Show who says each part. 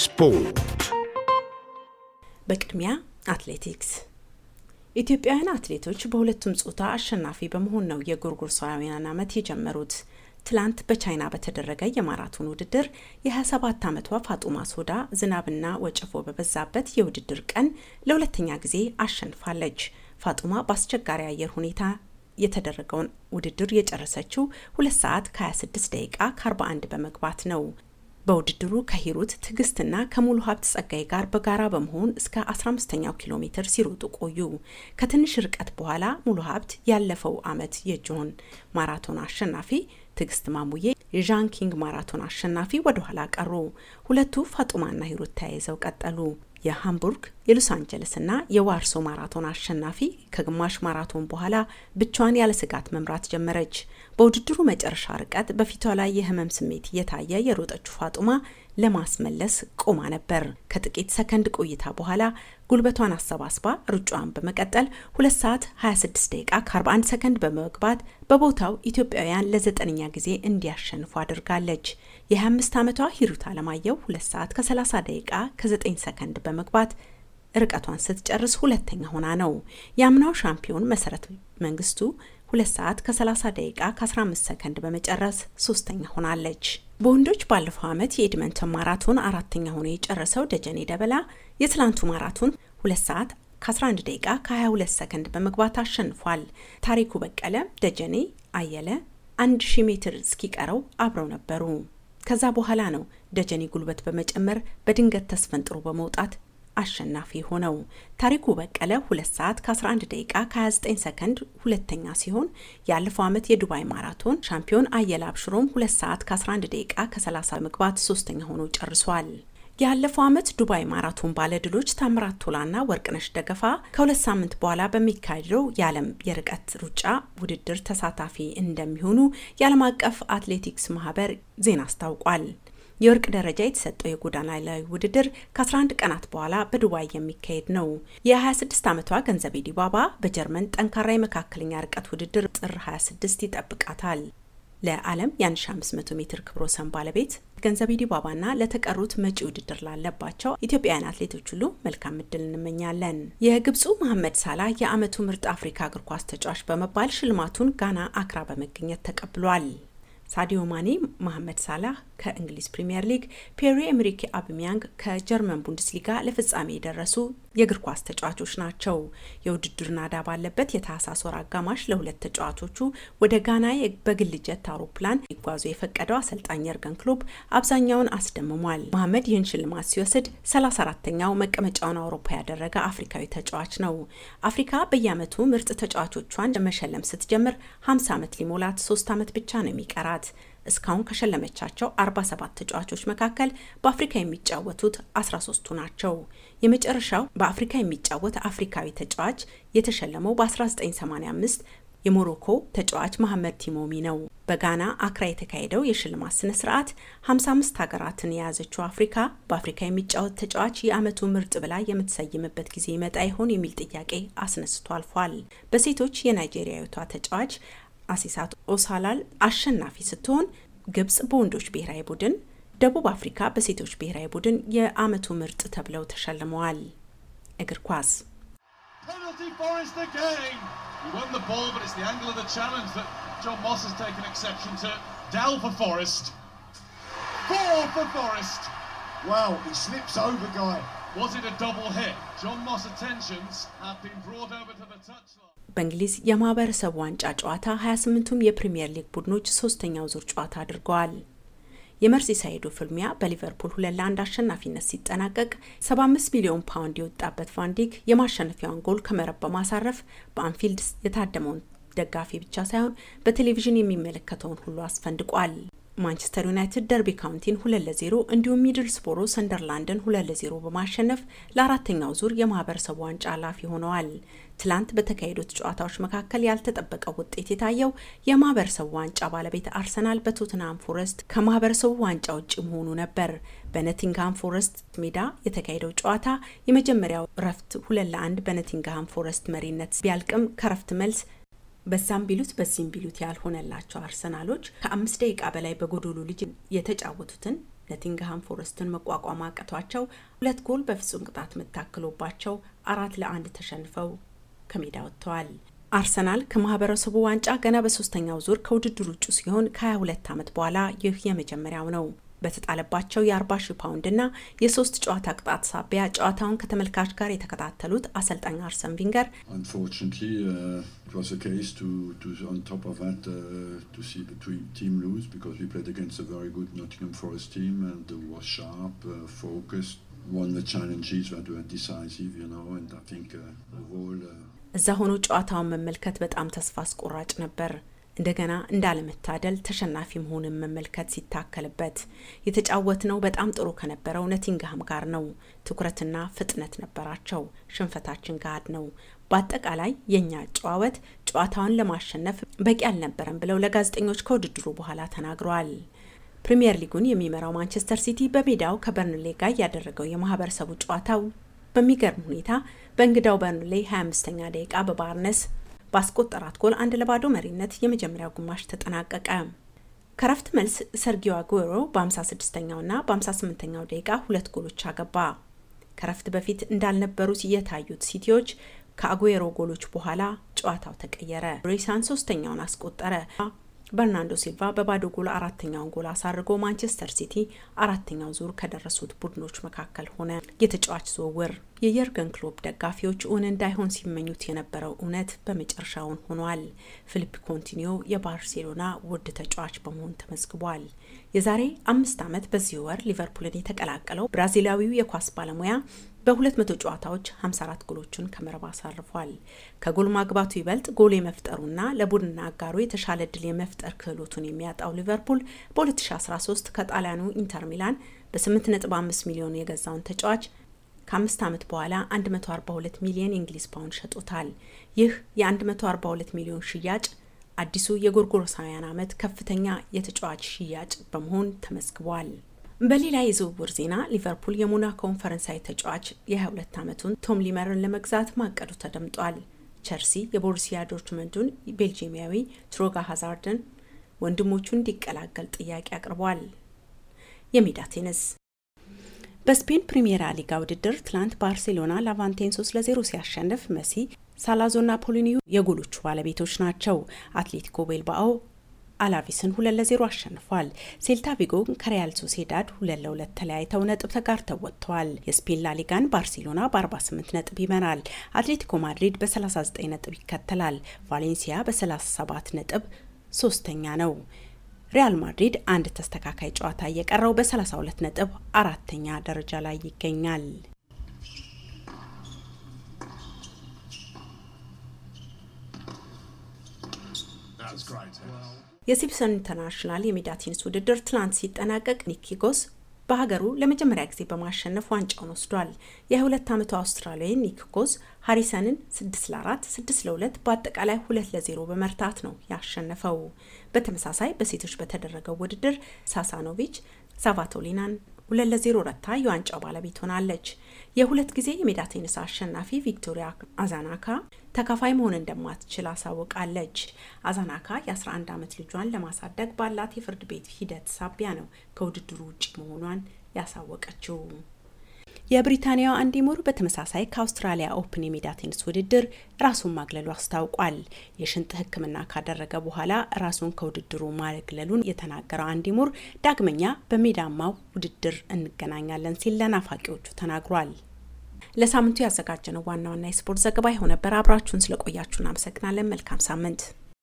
Speaker 1: ስፖርት። በቅድሚያ አትሌቲክስ ኢትዮጵያውያን አትሌቶች በሁለቱም ጾታ አሸናፊ በመሆን ነው የጎርጎሮሳውያን ዓመት የጀመሩት። ትላንት በቻይና በተደረገ የማራቶን ውድድር የ27 ዓመቷ ፋጡማ ሶዳ ዝናብና ወጨፎ በበዛበት የውድድር ቀን ለሁለተኛ ጊዜ አሸንፋለች። ፋጡማ በአስቸጋሪ አየር ሁኔታ የተደረገውን ውድድር የጨረሰችው 2 ሰዓት ከ26 ደቂቃ ከ41 በመግባት ነው። በውድድሩ ከሂሩት ትዕግስትና ከሙሉ ሀብት ጸጋይ ጋር በጋራ በመሆን እስከ 15ኛው ኪሎ ሜትር ሲሮጡ ቆዩ። ከትንሽ ርቀት በኋላ ሙሉ ሀብት ያለፈው ዓመት የጆን ማራቶን አሸናፊ ትዕግስት ማሙዬ የዣን ኪንግ ማራቶን አሸናፊ ወደኋላ ቀሩ። ሁለቱ ፋጡማና ሂሩት ተያይዘው ቀጠሉ። የሃምቡርግ የሎስ እና የዋርሶ ማራቶን አሸናፊ ከግማሽ ማራቶን በኋላ ብቻዋን ያለ ስጋት መምራት ጀመረች። በውድድሩ መጨረሻ ርቀት በፊቷ ላይ የህመም ስሜት እየታየ የሮጠችው ፋጡማ ለማስመለስ ቆማ ነበር። ከጥቂት ሰከንድ ቆይታ በኋላ ጉልበቷን አሰባስባ ሩጫዋን በመቀጠል 2 ሰዓት 26 ደቂቃ ከ41 ሰከንድ በመግባት በቦታው ኢትዮጵያውያን ለዘጠነኛ ጊዜ እንዲያሸንፉ አድርጋለች። የ25 ዓመቷ ሂሩት አለማየሁ 2 ሰዓት ከ30 ደቂቃ ከ9 ሰከንድ በመግባት ርቀቷን ስትጨርስ ሁለተኛ ሆና ነው። የአምናው ሻምፒዮን መሰረት መንግስቱ 2 ሰዓት ከ30 ደቂቃ ከ15 ሰከንድ በመጨረስ ሶስተኛ ሆናለች። በወንዶች ባለፈው ዓመት የኤድመንተን ማራቶን አራተኛ ሆኖ የጨረሰው ደጀኔ ደበላ የትላንቱ ማራቶን ሁለት ሰዓት ከ11 ደቂቃ ከ22 ሰከንድ በመግባት አሸንፏል። ታሪኩ በቀለ፣ ደጀኔ አየለ 1000 ሺህ ሜትር እስኪቀረው አብረው ነበሩ። ከዛ በኋላ ነው ደጀኔ ጉልበት በመጨመር በድንገት ተስፈንጥሮ በመውጣት አሸናፊ ሆነው። ታሪኩ በቀለ 2 ሰዓት ከ11 ደቂቃ ከ29 ሰከንድ ሁለተኛ ሲሆን ያለፈው ዓመት የዱባይ ማራቶን ሻምፒዮን አየል አብሽሮም 2 ሰዓት ከ11 ደቂቃ ከ30 መግባት ሶስተኛ ሆኖ ጨርሷል። ያለፈው ዓመት ዱባይ ማራቶን ባለድሎች ታምራት ቶላና ወርቅነሽ ደገፋ ከሁለት ሳምንት በኋላ በሚካሄደው የዓለም የርቀት ሩጫ ውድድር ተሳታፊ እንደሚሆኑ የዓለም አቀፍ አትሌቲክስ ማህበር ዜና አስታውቋል። የወርቅ ደረጃ የተሰጠው የጎዳና ላይ ውድድር ከ11 ቀናት በኋላ በዱባይ የሚካሄድ ነው። የ26 ዓመቷ ገንዘቤ ዲባባ በጀርመን ጠንካራ የመካከለኛ ርቀት ውድድር ጥር 26 ይጠብቃታል። ለዓለም የ1500 ሜትር ክብረ ወሰን ባለቤት ገንዘቤ ዲባባና ለተቀሩት መጪ ውድድር ላለባቸው ኢትዮጵያውያን አትሌቶች ሁሉ መልካም እድል እንመኛለን። የግብፁ መሐመድ ሳላ የዓመቱ ምርጥ አፍሪካ እግር ኳስ ተጫዋች በመባል ሽልማቱን ጋና አክራ በመገኘት ተቀብሏል። ሳዲዮ ማኔ፣ መሐመድ ሳላህ ከእንግሊዝ ፕሪምየር ሊግ፣ ፔሪ ኤምሪክ አብሚያንግ ከጀርመን ቡንደስሊጋ ለፍጻሜ የደረሱ የእግር ኳስ ተጫዋቾች ናቸው። የውድድር ናዳ ባለበት የታህሳስ ወር አጋማሽ ለሁለት ተጫዋቾቹ ወደ ጋና በግል ጀት አውሮፕላን ሊጓዙ የፈቀደው አሰልጣኝ የርገን ክሎፕ አብዛኛውን አስደምሟል። መሐመድ ይህን ሽልማት ሲወስድ 34ተኛው መቀመጫውን አውሮፓ ያደረገ አፍሪካዊ ተጫዋች ነው። አፍሪካ በየዓመቱ ምርጥ ተጫዋቾቿን መሸለም ስትጀምር 50 ዓመት ሊሞላት 3 ዓመት ብቻ ነው የሚቀራት። እስካሁን ከሸለመቻቸው 47 ተጫዋቾች መካከል በአፍሪካ የሚጫወቱት 13ቱ ናቸው። የመጨረሻው በአፍሪካ የሚጫወት አፍሪካዊ ተጫዋች የተሸለመው በ1985 የሞሮኮ ተጫዋች መሐመድ ቲሞሚ ነው። በጋና አክራ የተካሄደው የሽልማት ስነ ስርዓት 55 ሀገራትን የያዘችው አፍሪካ በአፍሪካ የሚጫወት ተጫዋች የአመቱ ምርጥ ብላ የምትሰይምበት ጊዜ ይመጣ ይሆን የሚል ጥያቄ አስነስቶ አልፏል። በሴቶች የናይጄሪያዊቷ ተጫዋች አሲሳት ኦሳላል አሸናፊ ስትሆን ግብጽ በወንዶች ብሔራዊ ቡድን፣ ደቡብ አፍሪካ በሴቶች ብሔራዊ ቡድን የአመቱ ምርጥ ተብለው ተሸልመዋል። እግር ኳስ Four for Forest. Wow, he slips over, Guy. በእንግሊዝ የማህበረሰብ ዋንጫ ጨዋታ 28ቱም የፕሪምየር ሊግ ቡድኖች ሶስተኛው ዙር ጨዋታ አድርገዋል። ሳይዱ ፍልሚያ በሊቨርፑል ሁለት ለአንድ አሸናፊነት ሲጠናቀቅ 75 ሚሊዮን ፓውንድ የወጣበት ቫንዲክ የማሸነፊያውን ጎል ከመረብ በማሳረፍ በአንፊልድ የታደመውን ደጋፊ ብቻ ሳይሆን በቴሌቪዥን የሚመለከተውን ሁሉ አስፈንድቋል። ማንቸስተር ዩናይትድ ደርቢ ካውንቲን ሁለት ለዜሮ እንዲሁም ሚድልስቦሮ ሰንደርላንድን ሁለት ለዜሮ በማሸነፍ ለአራተኛው ዙር የማህበረሰቡ ዋንጫ ላፊ ሆነዋል። ትላንት በተካሄዱት ጨዋታዎች መካከል ያልተጠበቀ ውጤት የታየው የማህበረሰቡ ዋንጫ ባለቤት አርሰናል በቶትናም ፎረስት ከማህበረሰቡ ዋንጫ ውጭ መሆኑ ነበር። በነቲንግሃም ፎረስት ሜዳ የተካሄደው ጨዋታ የመጀመሪያው ረፍት ሁለት ለአንድ በነቲንግሃም ፎረስት መሪነት ቢያልቅም ከረፍት መልስ በዛም ቢሉት በዚህም ቢሉት ያልሆነላቸው አርሰናሎች ከአምስት ደቂቃ በላይ በጎዶሎ ልጅ የተጫወቱትን ኖቲንግሃም ፎረስትን መቋቋም አቅቷቸው ሁለት ጎል በፍጹም ቅጣት የምታክሎባቸው አራት ለአንድ ተሸንፈው ከሜዳ ወጥተዋል። አርሰናል ከማህበረሰቡ ዋንጫ ገና በሶስተኛው ዙር ከውድድር ውጭ ሲሆን ከ22 ዓመት በኋላ ይህ የመጀመሪያው ነው። በተጣለባቸው የ40 ፓውንድ ፓውንድና የሶስት ጨዋታ ቅጣት ሳቢያ ጨዋታውን ከተመልካች ጋር የተከታተሉት አሰልጣኝ አርሰን ቪንገር እዛ ሆኖ ጨዋታውን መመልከት በጣም ተስፋ አስቆራጭ ነበር። እንደገና እንዳለመታደል ተሸናፊ መሆንን መመልከት ሲታከልበት የተጫወት ነው በጣም ጥሩ ከነበረው ነቲንግሃም ጋር ነው። ትኩረትና ፍጥነት ነበራቸው። ሽንፈታችን ገሃድ ነው። በአጠቃላይ የእኛ ጨዋወት ጨዋታውን ለማሸነፍ በቂ አልነበረም ብለው ለጋዜጠኞች ከውድድሩ በኋላ ተናግረዋል። ፕሪምየር ሊጉን የሚመራው ማንቸስተር ሲቲ በሜዳው ከበርንሌ ጋር ያደረገው የማህበረሰቡ ጨዋታው በሚገርም ሁኔታ በእንግዳው በርንሌ 25ኛ ደቂቃ በባርነስ በአስቆጠራት ጎል አንድ ለባዶ መሪነት የመጀመሪያው ግማሽ ተጠናቀቀ። ከረፍት መልስ ሰርጊዮ አጉዌሮ በ 56 ና በ58ኛው ደቂቃ ሁለት ጎሎች አገባ። ከረፍት በፊት እንዳልነበሩት የታዩት ሲቲዎች ከአጉዌሮ ጎሎች በኋላ ጨዋታው ተቀየረ። ሬሳን ሶስተኛውን አስቆጠረ። በርናንዶ ሲልቫ በባዶ ጎል አራተኛውን ጎል አሳርጎ ማንቸስተር ሲቲ አራተኛው ዙር ከደረሱት ቡድኖች መካከል ሆነ። የተጫዋች ዝውውር የየርገን ክሎፕ ደጋፊዎች እውን እንዳይሆን ሲመኙት የነበረው እውነት በመጨረሻውን ሆኗል። ፊሊፕ ኮንቲኒዮ የባርሴሎና ውድ ተጫዋች በመሆን ተመዝግቧል። የዛሬ አምስት ዓመት በዚህ ወር ሊቨርፑልን የተቀላቀለው ብራዚላዊው የኳስ ባለሙያ በ200 ጨዋታዎች 54 ጎሎችን ከመረብ አሳርፏል። ከጎል ማግባቱ ይበልጥ ጎል የመፍጠሩና ለቡድንና አጋሩ የተሻለ ድል የመፍጠር ክህሎቱን የሚያጣው ሊቨርፑል በ2013 ከጣሊያኑ ኢንተር ሚላን በ8.5 ሚሊዮን የገዛውን ተጫዋች ከአምስት ዓመት በኋላ 142 ሚሊዮን የእንግሊዝ ፓውንድ ሸጦታል። ይህ የ142 ሚሊዮን ሽያጭ አዲሱ የጎርጎሮሳውያን ዓመት ከፍተኛ የተጫዋች ሽያጭ በመሆን ተመዝግቧል። በሌላ የዝውውር ዜና ሊቨርፑል የሞናኮውን ፈረንሳይ ተጫዋች የ22 ዓመቱን ቶም ሊመርን ለመግዛት ማቀዱ ተደምጧል። ቸልሲ የቦሩሲያ ዶርትመንዱን ቤልጂሚያዊ ትሮጋ ሃዛርድን ወንድሞቹ እንዲቀላቀል ጥያቄ አቅርቧል። የሜዳ ቴኒስ በስፔን ፕሪሚየራ ሊጋ ውድድር ትላንት ባርሴሎና ላቫንቴን 3 ለ0 ሲያሸንፍ መሲ፣ ሳላዞና ፖሊኒዮ የጎሎቹ ባለቤቶች ናቸው። አትሌቲኮ ቤልባኦ አላቪስን ሁለት ለዜሮ አሸንፏል። ሴልታ ቪጎን ከሪያል ሶሴዳድ ሁለት ለሁለት ተለያይተው ነጥብ ተጋርተው ወጥተዋል። የስፔን ላሊጋን ባርሴሎና በ48 ነጥብ ይመራል። አትሌቲኮ ማድሪድ በ39 ነጥብ ይከተላል። ቫሌንሲያ በ37 ነጥብ ሶስተኛ ነው። ሪያል ማድሪድ አንድ ተስተካካይ ጨዋታ እየቀረው በ32 ነጥብ አራተኛ ደረጃ ላይ ይገኛል። የሲፕሰን ኢንተርናሽናል የሜዳ ቴኒስ ውድድር ትናንት ሲጠናቀቅ ኒኪጎስ በሀገሩ ለመጀመሪያ ጊዜ በማሸነፍ ዋንጫውን ወስዷል። የሁለት ዓመቱ አውስትራሊያዊ ኒክ ኮዝ ሃሪሰንን 6 ለ4፣ 6 ለ2 በአጠቃላይ 2 ለ0 በመርታት ነው ያሸነፈው። በተመሳሳይ በሴቶች በተደረገው ውድድር ሳሳኖቪች ሳቫቶሊናን 2 ለ0 ረታ የዋንጫው ባለቤት ሆናለች። የሁለት ጊዜ የሜዳ ቴኒስ አሸናፊ ቪክቶሪያ አዛናካ ተካፋይ መሆን እንደማትችል አሳውቃለች። አዛናካ የ11 ዓመት ልጇን ለማሳደግ ባላት የፍርድ ቤት ሂደት ሳቢያ ነው ከውድድሩ ውጭ መሆኗን ያሳወቀችው። የብሪታንያው አንዲ ሙር በተመሳሳይ ከአውስትራሊያ ኦፕን የሜዳ ቴኒስ ውድድር ራሱን ማግለሉ አስታውቋል። የሽንጥ ሕክምና ካደረገ በኋላ ራሱን ከውድድሩ ማግለሉን የተናገረው አንዲ ሙር ዳግመኛ በሜዳማው ውድድር እንገናኛለን ሲል ለናፋቂዎቹ ተናግሯል። ለሳምንቱ ያዘጋጀነው ዋና ዋና የስፖርት ዘገባ የሆነበር። አብራችሁን ስለቆያችሁን አመሰግናለን። መልካም ሳምንት